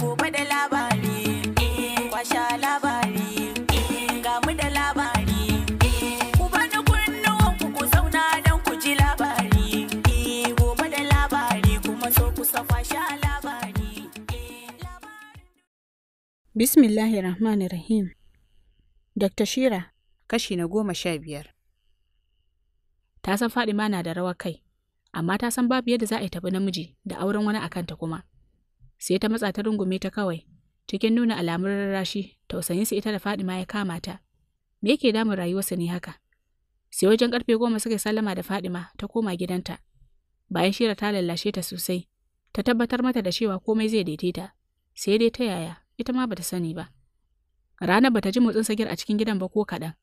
gobe da labari eh, kwasha labari eh, ga mu da labari eh, ku bani kunnuwan ku ku zauna don ku ji labari gobe da labari kuma so ku sa kwasha labari bismillahi rahmanir rahim dr shira kashi na goma sha biyar ta san fadima na da rawar kai amma ta san babu yadda za a yi tafi namiji da auren wani akanta kuma sai ta matsa ta rungume ta kawai cikin nuna alamun rarrashi sa ita da Fadima ya kama ta me yake damun rayuwarsa ne haka sai wajen karfe goma suka sallama da Fadima ta koma gidanta bayan shira ta lallashe ta sosai ta tabbatar mata da cewa komai zai daidaita sai dai ta yaya ita ma bata sani ba ranar bata ji motsin sagir a cikin gidan ba ko kaɗan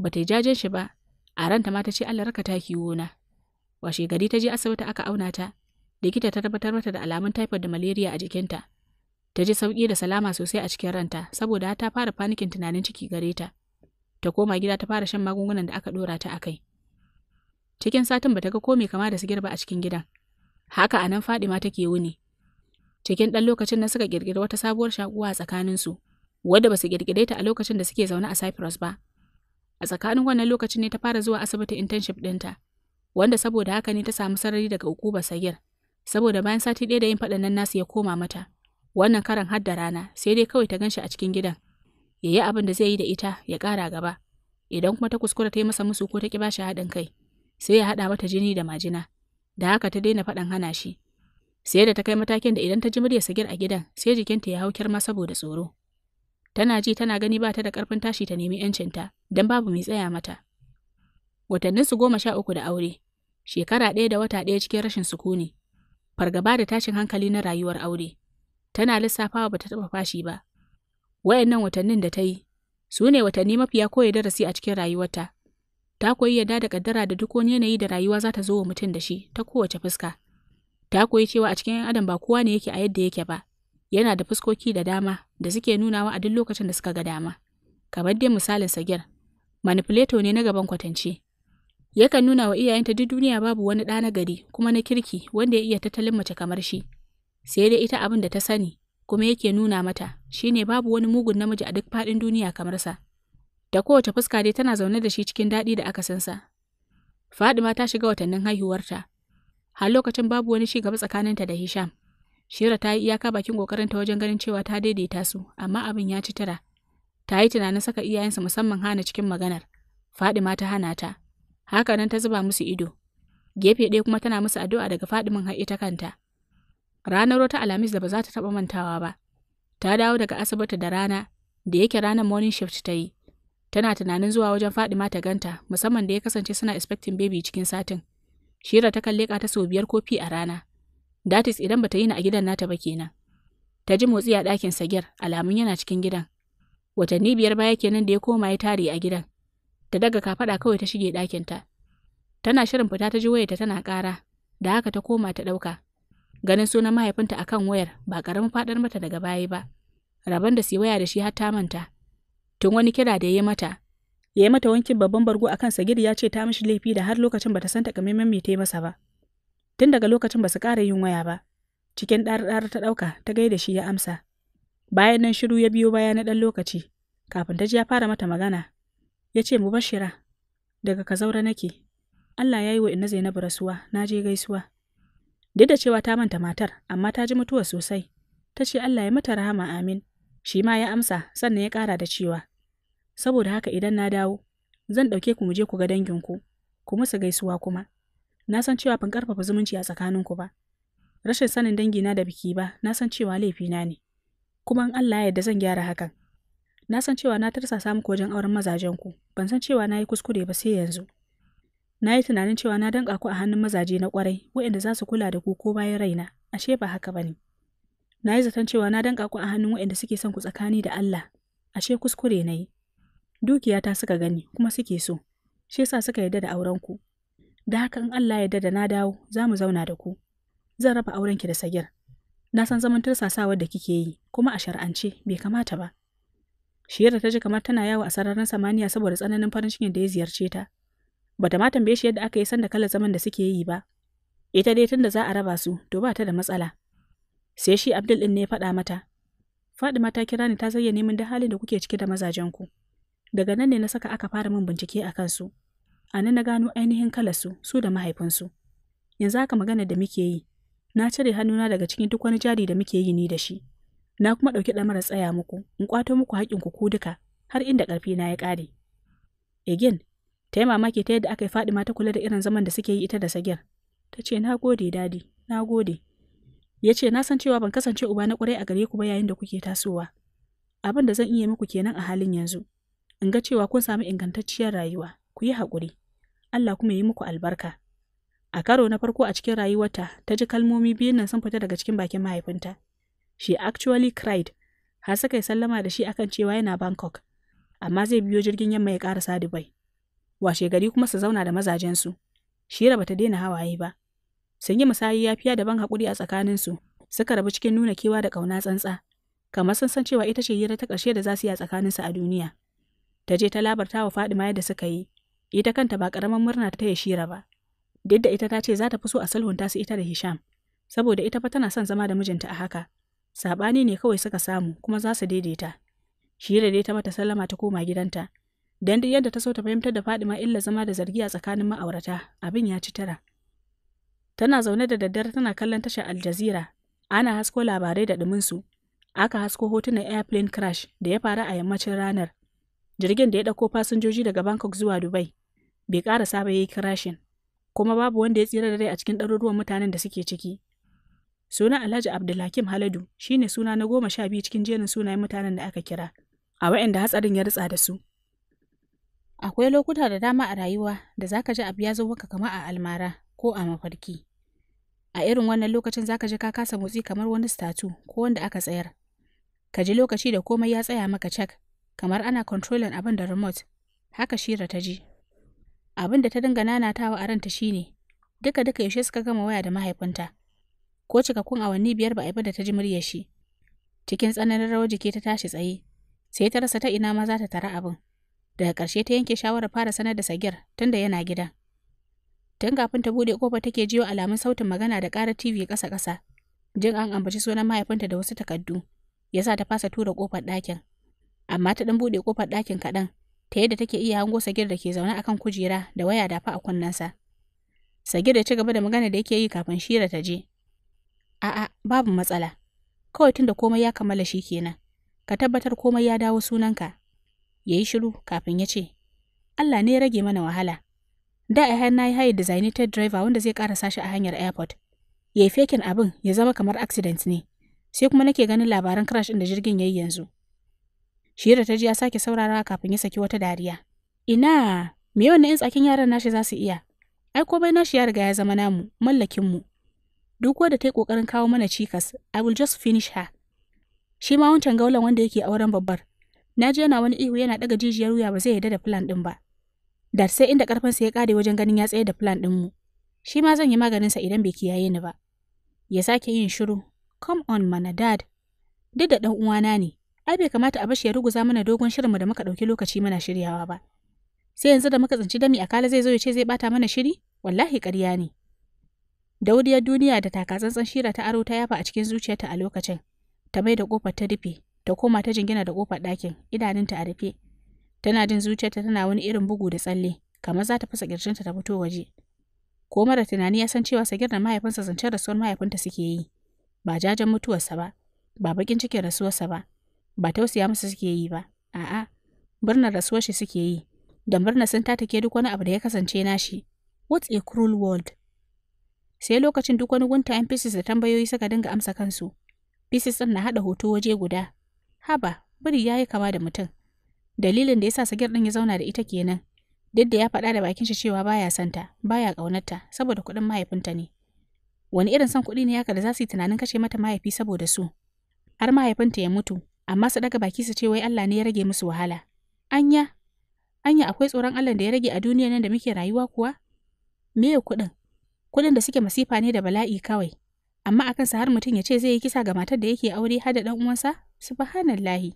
bata yi jajen shi ba a ranta ma ta ce Allah raka ta kiwo na washe gari ta je asibiti aka auna ta likita ta tabbatar mata da alamun typhoid da malaria a jikinta. Ta ji sauƙi da salama sosai a cikin ranta saboda ta fara fanikin tunanin ciki gare ta. Ta koma gida ta fara shan magungunan da aka dora ta a kai. Cikin satin bata ga komai kama da su girba a cikin gidan. Haka a nan ma take wuni. Cikin ɗan lokacin na suka ƙirƙiri wata sabuwar shakuwa a tsakaninsu, wadda ba su ƙirƙire ta a lokacin da suke zaune a Cyprus ba. A tsakanin wannan lokacin ne ta fara zuwa asibiti internship ɗinta, wanda saboda haka ne ta samu sarari daga hukumar sayar. saboda bayan sati ɗaya da yin faɗan nasu ya koma mata. Wannan karan har da rana sai dai kawai ta gan shi a cikin gidan. Ya yi abin da zai yi da ita ya ƙara gaba. Idan kuma ta kuskura ta yi masa musu ko ta ƙi bashi haɗin kai, sai ya haɗa mata jini da majina. Da haka ta daina faɗan hana shi. Sai da ta kai matakin da idan ta ji muryarsa gir a gidan, sai jikinta ya hau kyarma saboda tsoro. Tana ji tana gani ba ta da ƙarfin tashi ta nemi 'yancinta, don babu mai tsaya mata. Watanninsu goma sha uku da aure, shekara ɗaya da wata ɗaya cikin rashin sukuni, fargaba da tashin hankali na rayuwar aure. Tana lissafawa ta taɓa fashi ba. Wayannan watannin da ta yi, su ne watanni mafiya koyi darasi a cikin rayuwarta. Ta koyi yadda da kaddara da duk wani yanayi da rayuwa za ta zo wa mutum da shi ta kowace fuska. Ta koyi cewa a cikin adam ba kowa ne yake a yadda yake ba. Yana da fuskoki da dama da suke nunawa a duk lokacin da suka ga dama. Kamar dai misalin Sagir, manipulator ne na gaban kwatance. Yakan nuna wa iyayenta duk duniya babu wani ɗa na gari kuma na kirki wanda ya iya tattalin mace kamar shi. Sai dai ita abin da ta sani kuma yake nuna mata shine babu wani mugun namiji a duk faɗin duniya kamar sa. Da kowace fuska dai tana zaune da shi cikin daɗi da aka san sa. Fadima ta shiga watannin haihuwarta. Har lokacin babu wani ci gaba tsakaninta da Hisham. Shira ta yi iyaka bakin kokarinta wajen ganin cewa ta daidaita su, amma abin ya ci tara. Ta yi tunanin saka iyayensa musamman hana cikin maganar. Fadima ta hana ta. haka nan ta zuba musu ido. Gefe ɗaya kuma tana musu addu'a daga Fadiman har ita kanta. Ranar wata Alhamis da ba za ta taɓa mantawa ba. Ta dawo daga asibiti da rana, da yake ranar morning shift ta yi. Tana tunanin zuwa wajen Fadima ta ganta, musamman da ya kasance suna expecting baby cikin satin. Shira ta kalle ta sau biyar kofi a rana. Datis idan bata yi na a gidan nata ba kenan. Ta ji motsi a ɗakin Sagir, alamun yana cikin gidan. Watanni biyar baya kenan da ya koma ya tare a gidan. ta daga kafaɗa kawai ta shige ɗakinta. Tana shirin fita ta ji wayarta tana ƙara, da haka ta koma ta ɗauka. Ganin sunan mahaifinta a kan wayar ba ƙaramin faɗar mata daga baya ba. Rabon da si waya da shi har ta manta. Tun wani kira da ya yi mata, ya yi mata wankin babban bargo a kan Sagir ya ce ta mishi laifi da har lokacin ba ta san takamaiman mai ta yi masa ba. Tun daga lokacin ba su ƙara yin waya ba. Cikin ɗar-ɗar ta ɗauka ta gai da shi ya amsa. Bayan nan shiru ya biyo baya na ɗan lokaci, kafin ta ji ya fara mata magana ya ce mu Mubashira, daga Kazaura nake, Allah ya yi wa ina Zainabu rasuwa, na je gaisuwa. Duk da cewa ta manta matar, amma ta ji mutuwa sosai, ta ce Allah ya mata rahama amin, shi ma ya amsa sannan ya kara da cewa, saboda haka idan na dawo, zan ɗauke ku mu je ku ga danginku, ku musu gaisuwa kuma. Na san cewa ban ƙarfafa zumunci a tsakaninku ba. Rashin sanin dangina da biki ba, na san cewa laifina ne. Kuma in Allah ya yarda zan gyara hakan. Na san cewa na tarsa samu ku wajen auren mazajen ku. Ban san cewa na yi kuskure ba sai yanzu. Na yi tunanin cewa na danƙa ku a hannun mazaje na kwarai waɗanda za su kula da ku ko bayan raina. Ashe ba haka ba ne. Na yi zaton cewa na danƙa ku a hannun waɗanda suke son ku tsakani da Allah. Ashe kuskure na yi. Dukiyata suka gani kuma suke so. Shi yasa suka yarda da auren ku. Da haka in Allah ya yarda da na dawo, za mu zauna da ku. Zan raba aurenki da Sagir. Na san zaman tursasawar da kike yi, kuma a shar'ance bai kamata ba. Shiyar ta ji kamar tana yawo a sararin samaniya saboda tsananin farin cikin da ya ziyarce ta. Ba ta ma tambaye shi yadda aka yi sanda kalar zaman da suke yi ba. Ita dai tunda za a raba su, to ba ta da matsala. Sai shi Abdul din ne ya faɗa mata. Fadima ta kira ni ta zayyane min da halin da kuke cike da mazajen ku. Daga nan ne na saka aka fara min bincike a kansu. A nan na gano ainihin kalarsu, su da mahaifinsu. Yanzu haka magana da muke yi, na cire hannuna daga cikin duk wani jari da muke yi ni da shi. na kuma ɗauki ɗamarar tsaya muku in ƙwato muku haƙƙinku ku duka har inda ƙarfi na ya ƙare. Egin, ta yi mamaki ta yadda aka yi faɗi ta kula da irin zaman da suke yi ita da Sagir. Ta ce, Na gode, dadi, na gode. Ya ce, Na san cewa ban kasance uba na ƙwarai a gare ku ba yayin da kuke tasowa. Abin da zan iya muku kenan a halin yanzu. In ga cewa kun samu ingantacciyar rayuwa, ku yi haƙuri. Allah kuma ya yi muku albarka. A karo na farko a cikin rayuwarta, ta ji kalmomi biyun nan sun fita daga cikin bakin mahaifinta. She actually cried, har suka yi sallama da shi akan cewa yana Bangkok, amma zai biyo jirgin yamma ya karasa Dubai. Washe gari kuma su zauna da mazajensu. Shira bata daina hawaye ba. Sun yi musayi yafiya da ban haƙuri a tsakaninsu, suka rabu cikin nuna kewa da ƙauna tsantsa, kamar sun san cewa ita ce hira ta ƙarshe da za su yi a tsakaninsu a duniya. Ta je ta labarta wa Fadima yadda suka yi, ita kanta ba ƙaramin murna ta ya Shira ba. Duk da ita ta ce za ta fi so a sulhunta su ita da Hisham, saboda ita fa tana son zama da mijinta a haka. saɓani ne kawai suka samu kuma za su daidaita shi da dai ta mata sallama ta koma gidanta dan duk yadda ta so ta fahimtar da Fadima illa zama da zargi a tsakanin ma'aurata abin ya ci tara tana zaune da daddare tana kallon tashar aljazira ana hasko labarai da dumin su aka hasko hotunan airplane crash da ya faru a yammacin ranar jirgin da ya ɗauko fasinjoji daga Bangkok zuwa Dubai bai ƙara saba yi crashin kuma babu wanda ya tsira da rai a cikin ɗaruruwan mutanen da suke ciki Suna Alhaji Abdulhakim Haladu shine suna na goma sha biyu cikin jerin sunayen mutanen da aka kira, a waɗanda hatsarin ya ritsa da su. Akwai lokuta da dama a rayuwa da zaka ji abu ya zo maka kamar a almara ko a mafarki. A irin wannan lokacin zaka ji ka kasa motsi kamar wani statu ko wanda aka tsayar. Ka ji lokaci da komai ya tsaya maka cak, kamar ana controlling abin da remote. Haka Shira ta ji. Abin da ta dinga nanatawa a ranta shine, duka duka yaushe suka gama waya da mahaifinta. ko cikakkun awanni biyar ba a yi ba da ta ji muryar shi. Cikin tsananin rawar jiki ta tashi tsaye, sai ta rasa ta ina ma za ta tara abin. Daga ƙarshe ta yanke shawarar fara sanar da Sagir tunda yana gida. Tun kafin ta buɗe ƙofa take jiyo alamun sautin magana da ƙarar TV ƙasa-ƙasa. Jin an ambaci sunan mahaifinta da wasu takardu, ya sa ta fasa tura ƙofar ɗakin. Amma ta ɗan buɗe ƙofar ɗakin kaɗan, ta yadda take iya hango Sagir da ke zaune akan kujera da waya dafa a kunnensa. Sagir da ci gaba da magana da yake yi kafin Shira ta je. A'a, babu matsala. Kawai tunda komai ya kammala shi kenan. Ka tabbatar komai ya dawo sunanka. Ya yi shiru kafin ya ce, Allah ne ya rage mana wahala. Da a na yi haye designated driver wanda zai ƙara sashi a hanyar airport. Ya yi fekin abin ya zama kamar accident ne. Sai kuma nake ganin labaran crash ɗin da jirgin ya yi yanzu. da ta ji ya sake saurarawa kafin ya saki wata dariya. Ina, me yawan 'yan tsakin yaran nashi za su iya? Ai ko bai nashi ya riga ya zama namu, mallakinmu. Duk wadda ta yi ƙoƙarin kawo mana cikas, I will just finish her. Shi ma wancan gaulan wanda yake auren babbar. Na ji yana wani ihu yana ɗaga jijiyar wuya ba zai yarda da plan ɗin ba. Da sai inda ƙarfinsa ya ƙare wajen ganin ya tsaye da plan ɗinmu. Shi ma zan yi maganinsa idan bai kiyaye ni ba. Ya sake yin shiru. Come on, mana dad. Duk da ɗan uwana ne, ai bai kamata a bashi ya ruguza mana dogon shirinmu da muka ɗauki lokaci muna shiryawa ba. Sai yanzu da muka tsinci dami a zai zo ya ce zai bata mana shiri? Wallahi ƙarya ne. dauriyar duniya da takatsantsan Shira ta aro ta yafa a cikin zuciyarta a lokacin, ta mai da kofar ta rufe, ta koma ta jingina da kofar ɗakin, idanunta a rufe. Tana jin zuciyarta tana wani irin bugu da tsalle, kamar za ta fasa ƙirjinta ta fito waje. Ko mara tunani ya san cewa sagir da mahaifinsa zancen rasuwar mahaifinta suke yi, ba jajen mutuwarsa ba, ba bakin cikin rasuwarsa ba, ba tausiya masa suke yi ba, a'a, birnin rasuwar shi suke yi, da murnar sun tatake duk wani abu da ya kasance nashi. What a cruel world! sai lokacin duk wani yan fisis da tambayoyi suka dinga amsa kansu fisis ɗin na hada hoto waje guda haba biri yayi kama da mutum dalilin da ya sa sagir ɗin ya zauna da ita kenan duk da ya faɗa da bakin shi cewa baya santa baya ƙaunarta saboda kuɗin mahaifinta ne wani irin son kuɗi ne haka da za su yi tunanin kashe mata mahaifi saboda su har mahaifinta ya mutu amma su daga baki su ce wai Allah ne ya rage musu wahala anya anya akwai tsoron Allah da ya rage a duniyar nan da muke rayuwa kuwa meye kuɗin Kudin da suke masifa ne da bala'i kawai amma akan sa har mutum ya ce zai yi kisa ga matar da yake aure har da dan uwansa subhanallahi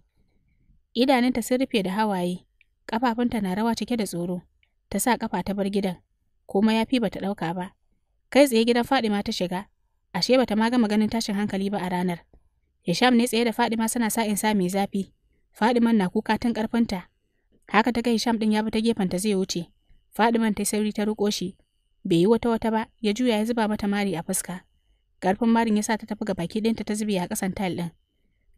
idanunta sun rufe da hawaye kafafunta na rawa cike da tsoro ta sa kafa ta bar gidan kuma ya fi bata ɗauka ba kai tsaye gidan fadima ta shiga ashe bata ma gama ganin tashin hankali ba a ranar hisham ne tsaye da fadima suna sa in sa mai zafi fadiman na kuka tun karfinta haka ta ga hisham din ya bi ta gefenta zai wuce fadiman ta yi sauri ta ruko shi bai yi wata wata ba ya juya ya zuba mata mari a fuska garfin marin ya sa ta tafi ga baki ɗinta ta zube a ƙasan tal ɗin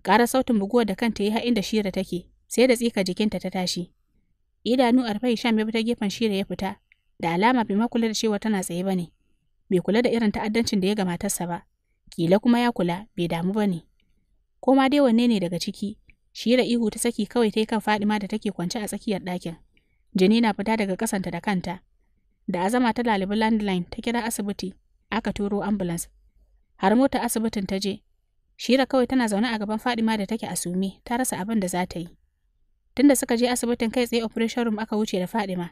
Ƙara sautin buguwar da kanta ya ha inda shira take sai da tsika jikinta ta tashi idanu arfai sham ya bi ta gefen shira ya fita da alama bai ma kula da cewa tana tsaye ba ne bai kula da irin ta'addancin da ya ga matarsa ba kila kuma ya kula bai damu ba ne ko ma dai wanne ne daga ciki shira ihu ta saki kawai ta yi kan fadima da take kwance a tsakiyar ɗakin jini na fita daga ƙasanta da kanta da azama ta lalibi landline ta kira asibiti aka turo ambulance har mota asibitin ta je shira kawai tana zaune a gaban fadima da take a sume ta rasa abin da za ta yi tunda suka je asibitin kai tsaye operation room aka wuce da fadima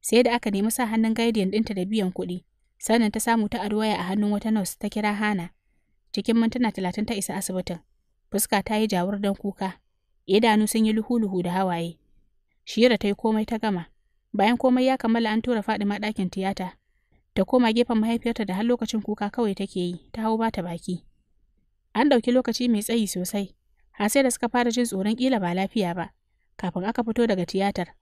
sai da aka nemi sa hannun guardian dinta da biyan kuɗi sannan ta samu ta waya a hannun wata nurse ta kira hana cikin mintuna talatin ta isa asibitin fuska ta yi jawur don kuka idanu sun yi luhu-luhu da hawaye shira ta yi komai ta gama Bayan komai ya kammala an tura ma ɗakin tiyata. Ta koma gefen mahaifiyarta da har lokacin kuka kawai take yi, ta hau bata baki. An ɗauki lokaci mai tsayi sosai, har sai da suka fara jin tsoron ƙila ba lafiya ba, kafin aka fito daga tiyatar.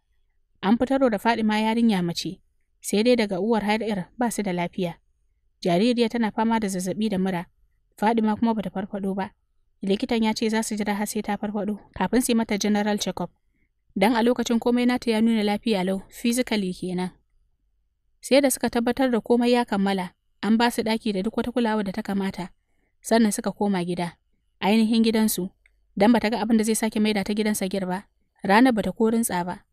An fitar da ma yarinya mace, sai dai daga uwar har ba su da lafiya. Jaririya tana fama da zazzaɓi da mura, ma kuma bata farfado ba. Likitan ya ce za su jira har sai ta farfado kafin su yi mata general check-up. dan a lokacin komai nata ya nuna lafiya lau, physically kenan. Sai da suka tabbatar da komai ya kammala, an ba su ɗaki da duk wata kulawa da ta kamata, sannan suka koma gida, ainihin gidansu, dan ba ta ga abin da zai sake maida ta gidansa girba, ranar ba ta korintsa ba.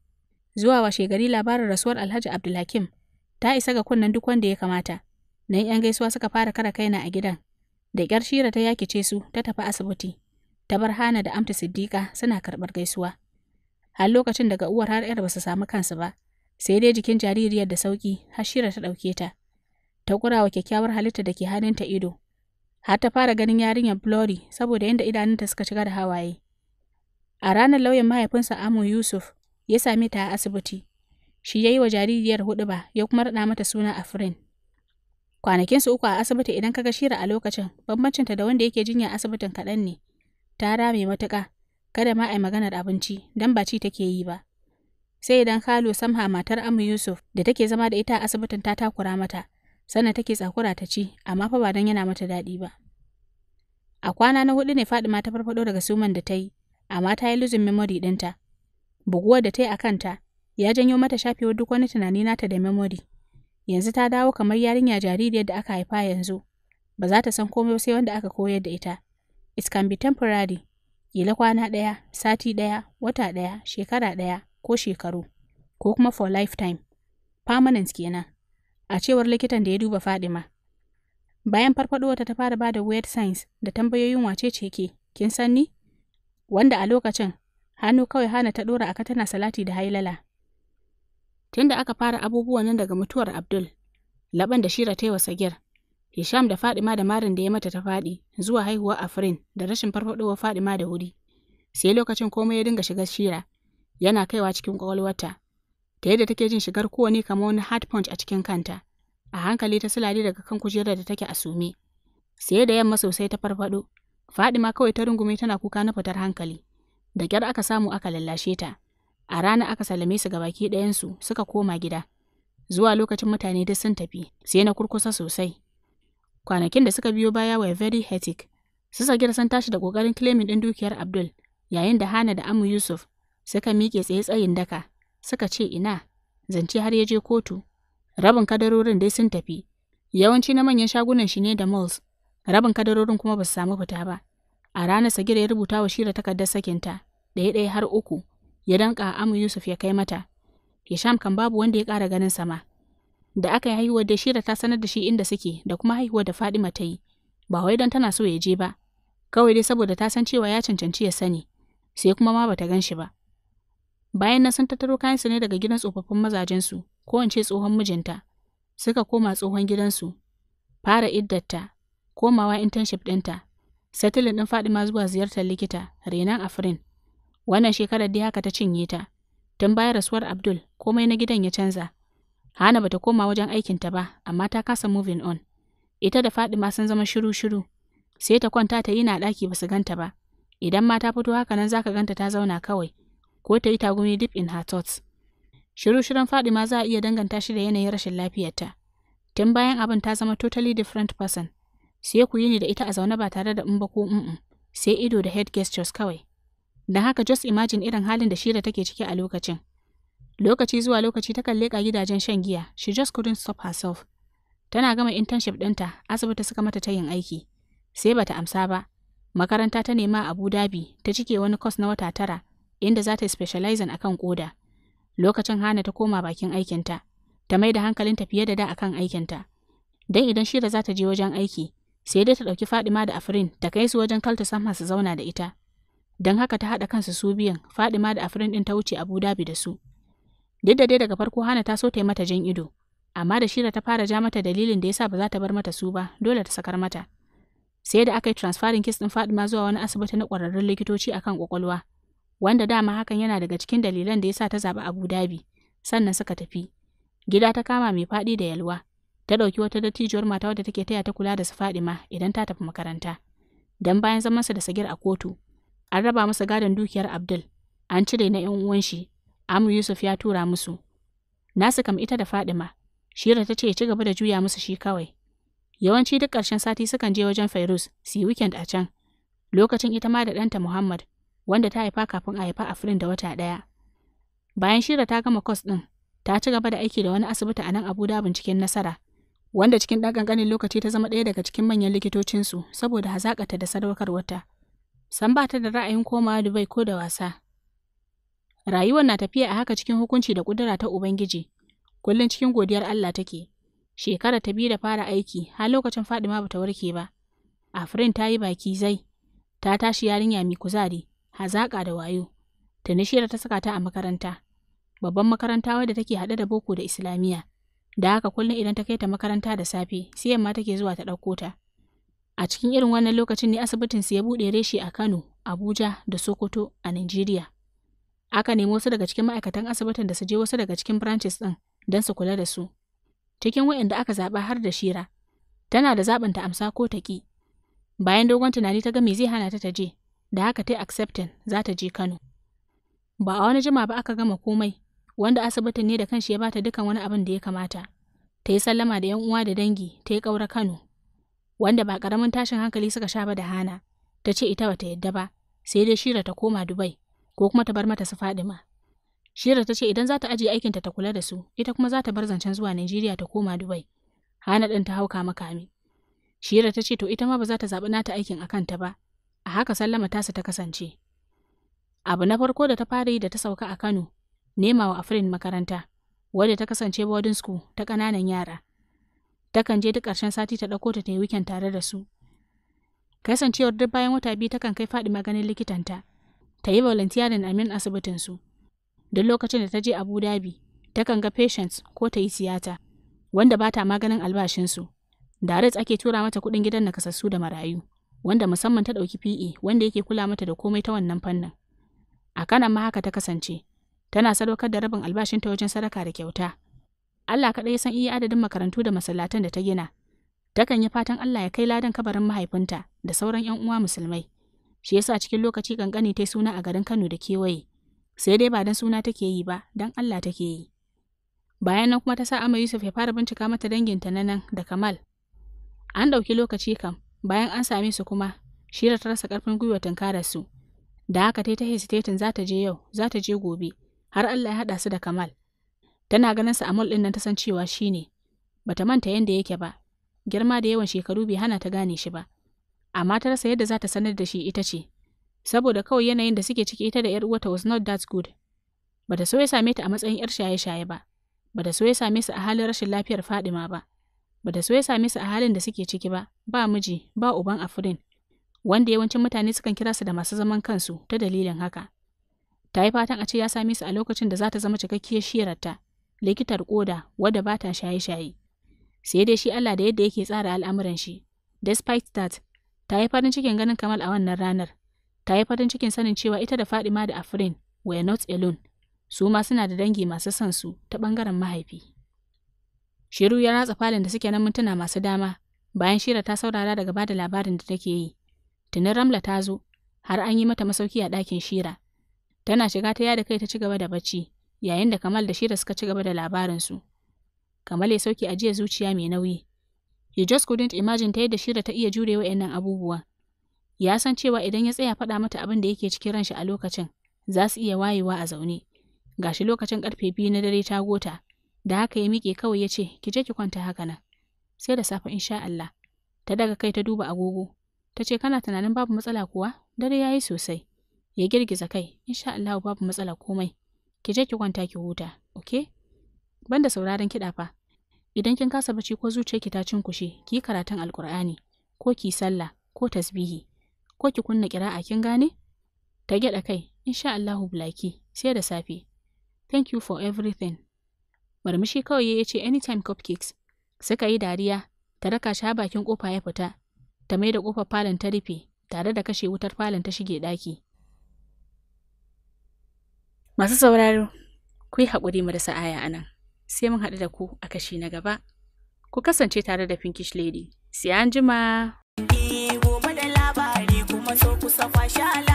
Zuwa washe gari labarin rasuwar Alhaji Abdulhakim ta isa ga kunnen duk wanda ya kamata, nan 'yan gaisuwa suka fara kara kaina a gidan, da kyar shira ta yakice su ta tafi asibiti, ta bar hana da amta siddiƙa suna karɓar gaisuwa. har lokacin daga uwar har ‘yar ba su samu kansu ba, sai dai jikin jaririyar da sauki har shira ta ɗauke ta. Ta kurawa kyakkyawar halitta da ke hannunta ido, har ta fara ganin yarinyar blori saboda yadda idanunta suka shiga da hawaye. A ranar lauyan mahaifinsa Amu Yusuf ya sami ta a asibiti, shi ya yi wa jaririyar hudu ba ya kuma raɗa mata suna Afrin. su uku a asibiti idan kaga shira a lokacin, bambancinta da wanda yake jinya asibitin kaɗan ne. Ta rame matuƙa, kada ma a yi maganar abinci don ba ci take yi ba. Sai idan Kalo Samha matar Amu Yusuf da take zama da ita a asibitin ta takura mata, sannan take tsakura ta ci, amma fa ba don yana mata daɗi ba. A kwana na hudu ne Fadima ta farfaɗo daga suman da ta yi, amma ta yi luzin memory ɗinta. Buguwar da ta yi a kanta ya janyo mata shafewar duk wani tunani nata da memory. Yanzu ta dawo kamar yarinya jaririyar da aka haifa yanzu. Ba za ta san komai sai wanda aka koyar da ita. It can be temporary, ƙila kwana ɗaya, sati ɗaya, wata ɗaya, shekara ɗaya ko shekaru, ko kuma for lifetime, permanent kenan, a cewar likitan da ya duba Fadima. Bayan farfaɗowarta ta fara ba da weird signs da tambayoyin wace ce ke, kin san ni? Wanda a lokacin, hannu kawai hana ta ɗora aka tana salati da hailala. Tunda aka fara abubuwan nan daga mutuwar Abdul, laban da Shira ta yi wa Sagir, Hisham da Fadima da marin da ya mata ta faɗi zuwa haihuwa a Afrin da rashin farfadowar Fadima da wuri. Sai lokacin komai ya dinga shiga shira, yana kaiwa cikin kwakwalwarta. Ta yadda take jin shigar kowane kamar wani hard punch a cikin kanta. A hankali ta sulade daga kan kujerar da take a sume. Sai da yamma sosai ta farfado. Fadima kawai ta rungume tana kuka na fitar hankali. Da kyar aka samu aka lallashe ta. A rana aka sallame su ga gabaki ɗayansu suka koma gida. Zuwa lokacin mutane duk sun tafi, sai na kurkusa sosai. Kwanakin da suka biyo baya were very hectic. Su Sagir sun tashi da kokarin claiming ɗin dukiyar Abdul, yayin da Hana da Amu Yusuf suka miƙe tsaye tsayin daka, suka ce ina, zance har ya je kotu. Rabin kadarorin dai sun tafi. Yawanci na manyan shagunan shi ne da malls, rabin kadarorin kuma ba su samu fita ba. A ranar Sagir ya rubuta wa Shira takardar sakinta, ɗaya-ɗaya har uku, ya danƙa Amu Yusuf ya kai mata. Hisham kan babu wanda ya ƙara ganin sama. da aka yi haihuwar da Shira ta sanar da shi inda suke da kuma haihuwar da Fadima ta yi ba wai don tana so ya je ba kawai dai saboda ta san cewa ya cancanci ya sani sai kuma ma bata gan shi ba bayan nan sun tattaro su ne daga gidan tsofaffin su ko in tsohon mijinta suka koma tsohon gidansu fara iddarta komawa internship ɗinta setilin ɗin fadima zuwa ziyartar likita renan afrin wannan shekarar dai haka ta cinye ta tun bayan rasuwar abdul komai na gidan ya canza Hana bata koma wajen aikinta ba, amma ta kasa moving on. Ita da Fadima sun zama shiru-shiru. Sai ta kwanta ta yi na ɗaki ba su ganta ba. Idan ma ta fito haka nan zaka ganta ta zauna kawai, ko ta yi tagumi deep in her thoughts. Shiru-shirun Fadima za a iya danganta shi da yanayin rashin lafiyarta. Tun bayan abin ta zama totally different person. Sai ku yi ni da ita a zaune ba tare da in ba ko in sai ido da head gestures kawai. Da haka just imagine irin halin da Shira take ciki a lokacin. Lokaci zuwa lokaci takan leƙa gidajen shan giya, she just couldn't stop herself. Tana gama internship ɗinta, asibiti suka mata ta yin aiki. Sai bata amsa ba, makaranta ta nema a Abu Dhabi ta cike wani course na wata tara, inda za ta specializing a kan koda. Lokacin Hana ta koma bakin aikinta, ta mai da hankalinta fiye da da akan aikinta. Dan idan Shira za ta je wajen aiki, sai dai ta ɗauki Fadima da Afrin ta kai su wajen kalta Samha su zauna da ita. Don haka ta haɗa kansu su biyan, Fadima da Afrin ɗin ta wuce Abu Dhabi da su. Duk da dai daga farko Hana ta so ta yi mata jan ido, amma da Shira ta fara ja mata dalilin da yasa ba za ta bar mata su ba, dole ta sakar mata. Sai da aka yi transfarin kis ɗin Fadima zuwa wani asibiti na ƙwararrun likitoci akan ƙwaƙwalwa, wanda dama hakan yana daga cikin dalilan da yasa ta zaɓi Abu Dhabi, sannan suka tafi. Gida ta kama mai faɗi da yalwa, ta ɗauki wata dattijuwar mata wadda take taya ta kula da su ma idan ta tafi makaranta. Dan bayan zaman sa da Sagir a kotu, an raba masa gadon dukiyar Abdul, an cire na 'yan uwan shi Amu Yusuf ya tura musu. Nasu kam ita da Fadima, Shira ta ce ya ci gaba da juya musu shi kawai. Yawanci duk ƙarshen sati sukan je wajen Fairuz su yi weekend a can. Lokacin ita ma da ɗanta Muhammad, wanda ta haifa kafin a haifa a Afrin da wata ɗaya. Bayan Shira ta gama kwas ɗin, ta ci gaba da aiki da wani asibiti a nan Abu Abuja cikin nasara, wanda cikin ɗan ƙanƙanin lokaci ta zama ɗaya daga cikin manyan likitocinsu saboda hazaƙata da sadaukarwarta. San ba ta da ra'ayin komawa Dubai ko da wasa, Rayuwar na tafiya a haka cikin hukunci da ƙudura ta Ubangiji, kullum cikin godiyar Allah take. Shekara ta biyu da fara aiki, har lokacin Fadima bata warke ba. Afrin ta yi baki zai, ta tashi yarinya mai kuzari, hazaƙa da wayo. Tuni shira ta saka ta a makaranta, babban makaranta wadda take haɗe da boko da Islamiyya. Da haka kullum idan ta kai ta makaranta da safe, sai yamma take zuwa ta ɗauko ta. A cikin irin wannan lokacin ne asibitin su ya buɗe reshe a Kano, Abuja da Sokoto a Najeriya. Aka nemi wasu daga cikin ma'aikatan asibitin da su je wasu daga cikin branches ɗin don su kula da su. Cikin waɗanda aka zaɓa har da Shira, tana da zaɓin ta amsa ko ta ƙi. Bayan dogon tunani ta ga me zai hana ta ta je, da haka ta accepting za ta je Kano. Ba a wani jima ba aka gama komai, wanda asibitin ne da kanshi ya bata dukan wani abin da ya kamata. Ta yi sallama da 'yan uwa da dangi, ta yi ƙaura Kano. Wanda ba ƙaramin tashin hankali suka sha ba da hana, ta ce ita ba ta yadda ba, sai dai Shira ta koma Dubai. ko kuma ta bar mata su faɗi ma. Shira ta ce idan za ta ajiye aikinta ta kula da su, ita kuma za ta bar zancen zuwa Najeriya ta koma Dubai. Hana ɗin ta hauka makami. Shira ta ce to ita ma ba za ta zaɓi nata aikin a kanta ba, a haka sallama tasa ta kasance. Abu na farko da ta fara yi da ta sauka a Kano, nema wa Afrin makaranta, wadda ta kasance boarding school ta ƙananan yara. Takan je duk ƙarshen sati ta ɗauko ta ta yi weekend tare da su. Kasancewar duk bayan wata biyu takan kai faɗi maganin likitanta, ta yi volunteering a min asibitinsu. Duk lokacin da ta je Abu Dhabi, takan ga patients ko ta yi tiyata, wanda ba ta maganin albashinsu. Darit ake tura mata kuɗin gidan nakasassu da marayu, wanda musamman ta ɗauki PE wanda yake kula mata da komai ta wannan fannin. A kanan ma haka ta kasance, tana sadaukar da rabin albashinta wajen sadaka da kyauta. Allah kaɗai san iya adadin makarantu da masallatan da ta gina. Takan yi fatan Allah ya kai ladan kabarin mahaifinta da sauran 'yan uwa musulmai. shi yasa cikin lokaci kankani ta suna a garin Kano da kewaye sai dai ba dan suna take yi ba dan Allah take yi bayan nan kuma ta sa Amma Yusuf ya fara bincika mata danginta na nan da Kamal an ɗauki lokaci kam bayan an same su kuma Shira ta rasa ƙarfin gwiwa tunkarar su da haka tai ta hesitating za ta je yau za ta je gobe har Allah ya haɗa su da Kamal tana ganin sa Amul ɗin nan ta san cewa shi shine bata manta yanda yake ba girma da yawan shekaru bai hana ta gane shi ba amma matarsa yadda za ta sanar da shi ita ce, saboda kawai yanayin da suke ciki ita da ‘yar uwata was not that good. Ba da so ya same ta a matsayin ‘yar shaye-shaye ba, ba da so ya same su a halin rashin lafiyar Fadima ba, ba da so ya same su a halin da suke ciki ba, ba miji, ba uban afrin wanda yawancin mutane sukan kira su da masu zaman kansu ta dalilin haka. Ta yi fatan a ce ya same su a lokacin da za ta zama cikakkiyar shirarta, likitar koda wadda ba ta shaye-shaye. Sai dai shi Allah da yadda yake tsara al'amuran shi, despite that Ta yi farin cikin ganin Kamal a wannan ranar. Ta yi farin cikin sanin cewa ita da Fadima da Afrin were not alone. Su ma suna da dangi masu son su ta bangaren mahaifi. Shiru ya ratsa falin da suke nan mintuna masu dama bayan Shira ta saurara daga bada labarin da take yi. Tunin Ramla ta zo har an yi mata masauki a ɗakin Shira. Tana shiga ta yada kai ta ci gaba da bacci yayin da Kamal da Shira suka ci gaba da labarinsu. Kamal ya sauke ajiya zuciya mai nauyi He just couldn't imagine ta yadda Shira ta iya jure wa'annan abubuwa. Ya san cewa idan ya tsaya faɗa mata abin da yake cikin ranshi a lokacin, za su iya wayewa a zaune. Gashi lokacin karfe biyu na dare ta gota, da haka ya miƙe kawai ya ce, ki je ki kwanta haka nan. Sai da safe insha Allah. Ta daga kai ta duba agogo. Ta ce kana tunanin babu matsala kuwa? Dare yayi sosai. Ya girgiza kai, insha Allah babu matsala komai. Ki je ki kwanta ki huta, okay? Banda sauraron kiɗa fa, Idan kin kasa bacci ko ki ta cinkushe, ki yi karatun Alkur'ani ko ki sallah, ko tasbihi, ko ki kunna kira'a kin gane? Ta gyada kai, insha Allahu bulaki, sai da safe. Thank you for everything. Marmishi kawai ya ce anytime cupcakes. Suka yi dariya, ta raka shi bakin kofa ya fita, ta mai da kofar falon ta rufe, tare da kashe wutar falon ta shige daki. Masu sauraro, ku yi haƙuri marasa aya anan. sai mun haɗu da ku a kashi na gaba. Ku kasance tare da Pinkish Lady. Sai an jima. Gobe madala, labari kuma so kusa kwashe